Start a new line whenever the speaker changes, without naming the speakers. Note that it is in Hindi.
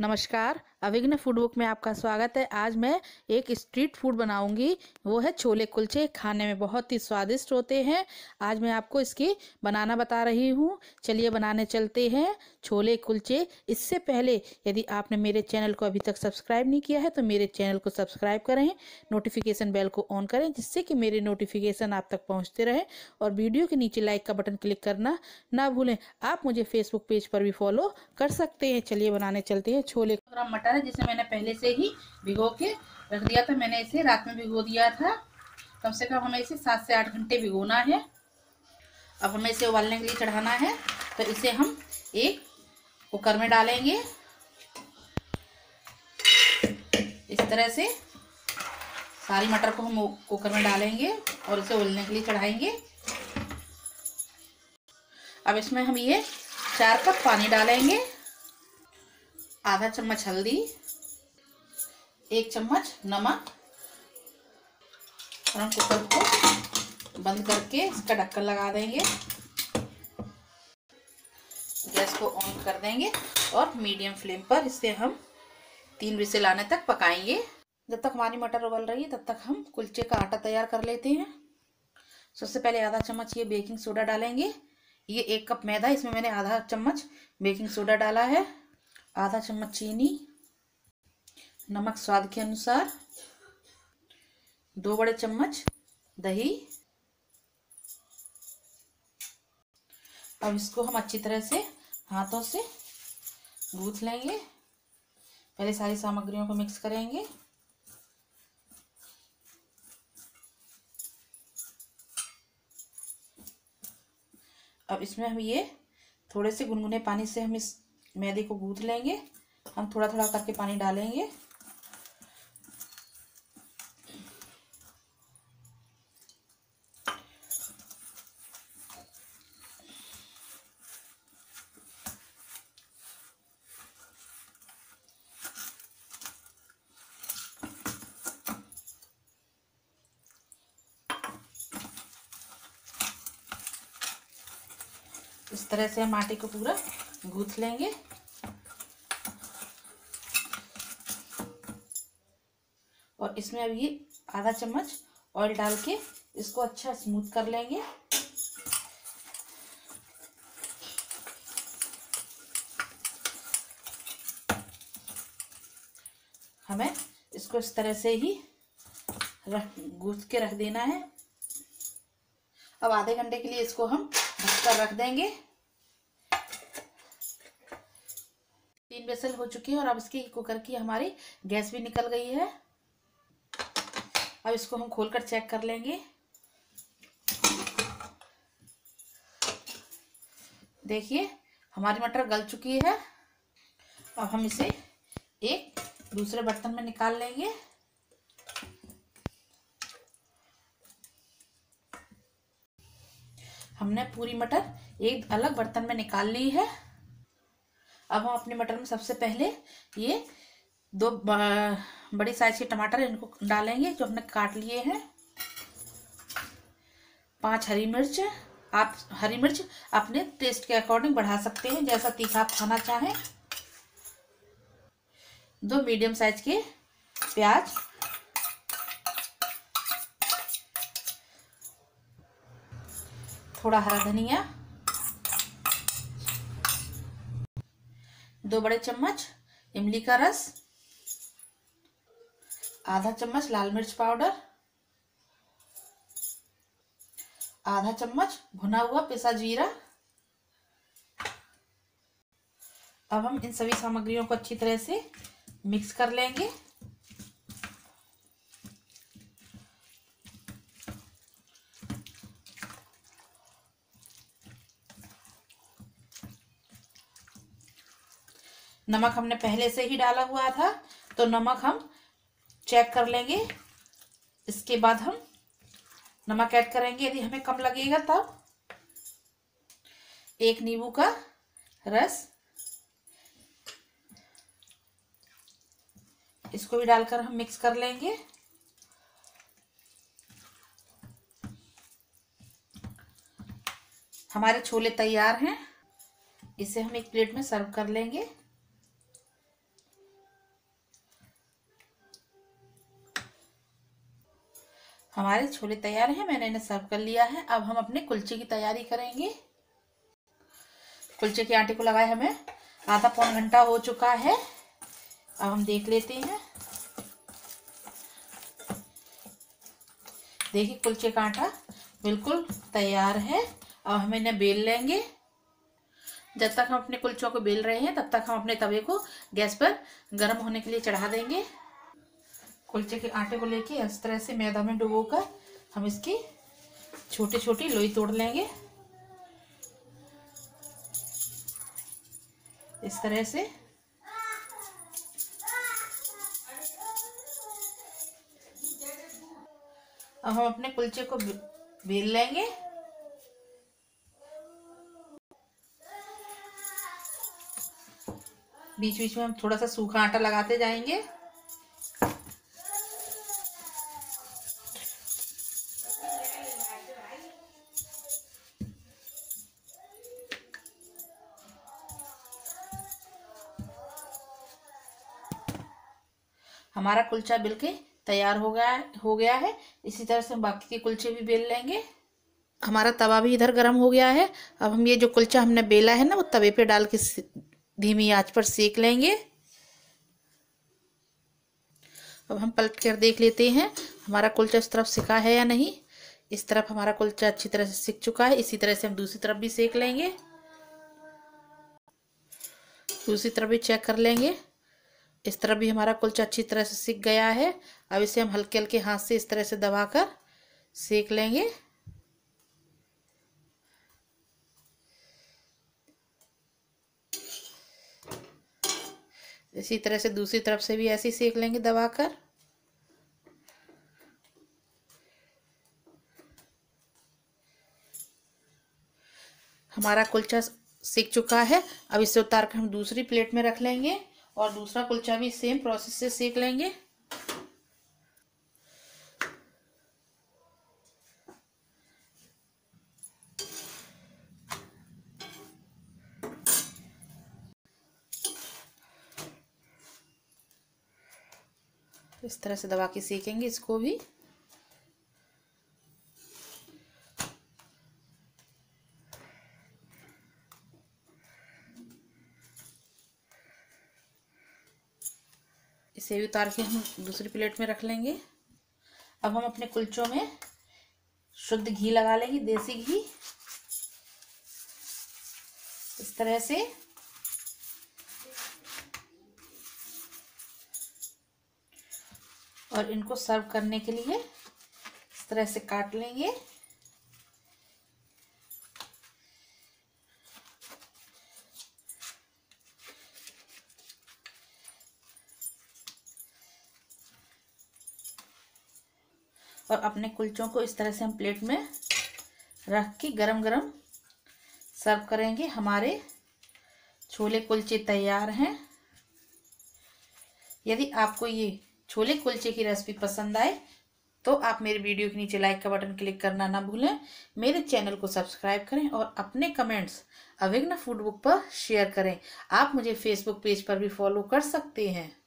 नमस्कार अविघ्न फूड बुक में आपका स्वागत है आज मैं एक स्ट्रीट फूड बनाऊंगी वो है छोले कुलचे खाने में बहुत ही स्वादिष्ट होते हैं आज मैं आपको इसकी बनाना बता रही हूँ चलिए बनाने चलते हैं छोले कुलचे इससे पहले यदि आपने मेरे चैनल को अभी तक सब्सक्राइब नहीं किया है तो मेरे चैनल को सब्सक्राइब करें नोटिफिकेशन बेल को ऑन करें जिससे कि मेरे नोटिफिकेशन आप तक पहुँचते रहें और वीडियो के नीचे लाइक का बटन क्लिक करना ना भूलें आप मुझे फेसबुक पेज पर भी फॉलो कर सकते हैं चलिए बनाने चलते हैं छोले मटर है जिसे मैंने पहले से ही भिगो के रख दिया था मैंने इसे रात में भिगो दिया था कम से कम हमें इसे सात से आठ घंटे भिगोना है अब हमें इसे उबालने के लिए चढ़ाना है तो इसे हम एक कुकर में डालेंगे इस तरह से सारी मटर को हम कुकर में डालेंगे और इसे उबलने के लिए चढ़ाएंगे अब इसमें हम ये चार कप पानी डालेंगे आधा चम्मच हल्दी एक चम्मच नमक और हम कुकर को बंद करके इसका ढक्कन लगा देंगे गैस को ऑन कर देंगे और मीडियम फ्लेम पर इसे हम तीन विसिल लाने तक पकाएंगे जब तक हमारी मटर उबल रही है तब तक हम कुलचे का आटा तैयार कर लेते हैं सबसे पहले आधा चम्मच ये बेकिंग सोडा डालेंगे ये एक कप मैदा इसमें मैंने आधा चम्मच बेकिंग सोडा डाला है आधा चम्मच चीनी नमक स्वाद के अनुसार दो बड़े चम्मच दही अब इसको हम अच्छी तरह से हाथों से गूथ लेंगे पहले सारी सामग्रियों को मिक्स करेंगे अब इसमें हम ये थोड़े से गुनगुने पानी से हम इस मैदे को गूंथ लेंगे हम थोड़ा थोड़ा करके पानी डालेंगे इस तरह से हम आटे को पूरा गूथ लेंगे और इसमें अब ये आधा चम्मच ऑयल डाल के इसको अच्छा स्मूथ कर लेंगे हमें इसको इस तरह से ही रख गूथ के रख देना है अब आधे घंटे के लिए इसको हम ढककर रख देंगे विसल हो चुकी है और अब इसकी कुकर की हमारी गैस भी निकल गई है अब इसको हम खोलकर चेक कर लेंगे देखिए हमारी मटर गल चुकी है अब हम इसे एक दूसरे बर्तन में निकाल लेंगे हमने पूरी मटर एक अलग बर्तन में निकाल ली है अब हम अपने मटर में सबसे पहले ये दो बड़ी साइज के टमाटर इनको डालेंगे जो हमने काट लिए हैं पांच हरी मिर्च आप हरी मिर्च अपने टेस्ट के अकॉर्डिंग बढ़ा सकते हैं जैसा तीखा आप खाना चाहें दो मीडियम साइज के प्याज थोड़ा हरा धनिया दो बड़े चम्मच इमली का रस आधा चम्मच लाल मिर्च पाउडर आधा चम्मच भुना हुआ पिसा जीरा अब हम इन सभी सामग्रियों को अच्छी तरह से मिक्स कर लेंगे नमक हमने पहले से ही डाला हुआ था तो नमक हम चेक कर लेंगे इसके बाद हम नमक ऐड करेंगे यदि हमें कम लगेगा तब एक नींबू का रस इसको भी डालकर हम मिक्स कर लेंगे हमारे छोले तैयार हैं इसे हम एक प्लेट में सर्व कर लेंगे हमारे छोले तैयार हैं मैंने इन्हें सर्व कर लिया है अब हम अपने कुलचे की तैयारी करेंगे कुलचे के आटे को लगाए हमें आधा पौन घंटा हो चुका है अब हम देख लेते हैं देखिए कुलचे का आटा बिल्कुल तैयार है अब हम इन्हें बेल लेंगे जब तक हम अपने कुलचों को बेल रहे हैं तब तक हम अपने तवे को गैस पर गर्म होने के लिए चढ़ा देंगे कुलचे के आटे को लेके इस तरह से मैदा में डुबो कर हम इसकी छोटी छोटी लोई तोड़ लेंगे इस तरह से अब हम अपने कुलचे को बेल लेंगे बीच बीच में हम थोड़ा सा सूखा आटा लगाते जाएंगे हमारा कुलचा बिल के तैयार हो गया हो गया है इसी तरह से हम बाकी के कुलचे भी बेल लेंगे हमारा तवा भी इधर गर्म हो गया है अब हम ये जो कुलचा हमने बेला है ना वो तवे पे डाल के धीमी आंच पर सेक लेंगे अब हम पलट कर देख लेते हैं हमारा कुलचा इस तरफ सिका है या नहीं इस तरफ हमारा कुलचा अच्छी तरह से सिक चुका है इसी तरह से हम दूसरी तरफ भी सेक लेंगे दूसरी तरफ भी चेक कर लेंगे इस तरफ भी हमारा कुलचा अच्छी तरह से सीख गया है अब इसे हम हल्के हल्के हाथ से इस तरह से दबा कर सीख लेंगे इसी तरह से दूसरी तरफ से भी ऐसे ही सेक लेंगे दबा कर हमारा कुलचा सीख चुका है अब इसे उतार कर हम दूसरी प्लेट में रख लेंगे और दूसरा कुलचा भी सेम प्रोसेस से सेक लेंगे इस तरह से दबा के सेकेंगे इसको भी इसे भी उतार के हम दूसरी प्लेट में रख लेंगे अब हम अपने कुलचों में शुद्ध घी लगा लेंगे देसी घी इस तरह से और इनको सर्व करने के लिए इस तरह से काट लेंगे और अपने कुलचों को इस तरह से हम प्लेट में रख के गरम गरम सर्व करेंगे हमारे छोले कुलचे तैयार हैं यदि आपको ये छोले कुलचे की रेसिपी पसंद आए तो आप मेरे वीडियो के नीचे लाइक का बटन क्लिक करना ना भूलें मेरे चैनल को सब्सक्राइब करें और अपने कमेंट्स अभिघ्न फूड बुक पर शेयर करें आप मुझे फेसबुक पेज पर भी फॉलो कर सकते हैं